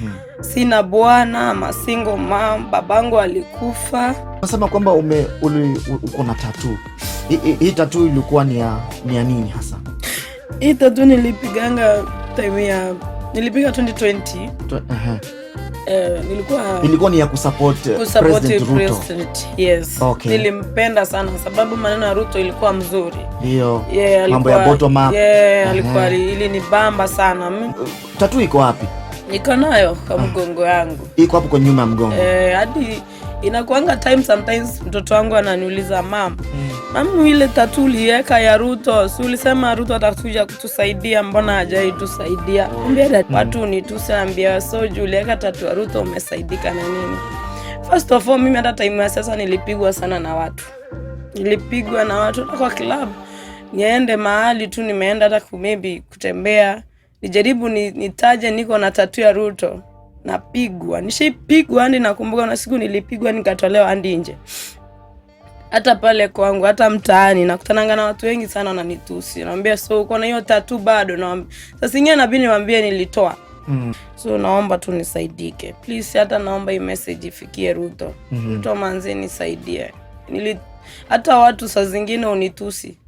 mm -hmm. Sina bwana, ama single mom, babangu alikufa. Nasema kwamba ume uko na tatu. Hii tatu ilikuwa ni ya ni ya nini hasa? Hii tatu nilipiganga time ya nilipiga 2020. Uh Eh, nilikuwa ilikuwa ni ya kusupport eh, President Ruto. yes. Okay. Nilimpenda sana sababu maneno ya Ruto ilikuwa mzuri. Ndio. Yeah, mambo ya bottom up. Yeah, alikuwa uh -huh. Ilinibamba sana. Tatu iko wapi? Niko nayo kwa mgongo yangu, iko hapo kwa nyuma ya mgongo eh, hadi inakuanga time sometimes mtoto wangu ananiuliza mam, hmm. mam ile tatu uliweka ya Ruto, si ulisema Ruto atakuja kutusaidia, mbona hajai hajaitusaidia? Ambia hmm. watu hmm. ni nitusaambia, so juu uliweka tatu ya Ruto umesaidika na nini? First of all, mimi hata time ya sasa nilipigwa sana na watu, nilipigwa na watu kwa club, niende mahali tu nimeenda hata maybe kutembea nijaribu nitaje niko na tatu ya Ruto, napigwa, nishaipigwa hadi nakumbuka, na siku nilipigwa nikatolewa hadi nje, hata pale kwangu, hata mtaani nakutananga na watu wengi sana wananitusi, naambia so uko na hiyo tatu bado, na sasa ingine nabidi niwaambie nilitoa Mm. So naomba tu nisaidike please, hata naomba hii message ifikie Ruto. Mm -hmm. Ruto manzi nisaidie. Nili hata watu saa zingine unitusi